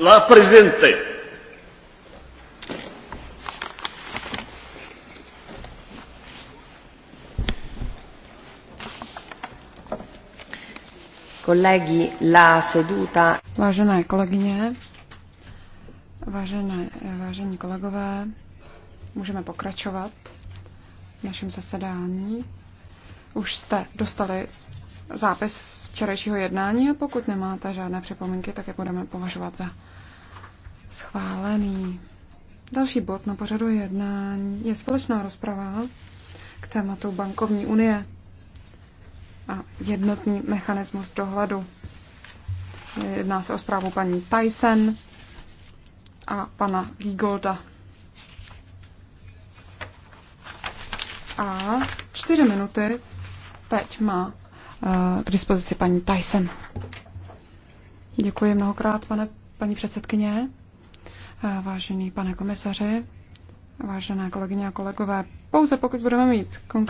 La Presidente. Kolegi, la seduta. Vážené kolegyně, vážené, vážení kolegové, můžeme pokračovat v našem zasedání. Už jste dostali zápis včerejšího jednání a pokud nemáte žádné připomínky, tak je budeme považovat za schválený. Další bod na pořadu jednání je společná rozprava k tématu bankovní unie a jednotný mechanismus dohledu. Jedná se o zprávu paní Tyson a pana Giegolda. A čtyři minuty teď má k dispozici paní Tyson. Děkuji mnohokrát, pane, paní předsedkyně, eh, vážený pane komisaři, vážené kolegyně a kolegové. Pouze pokud budeme mít konkrétní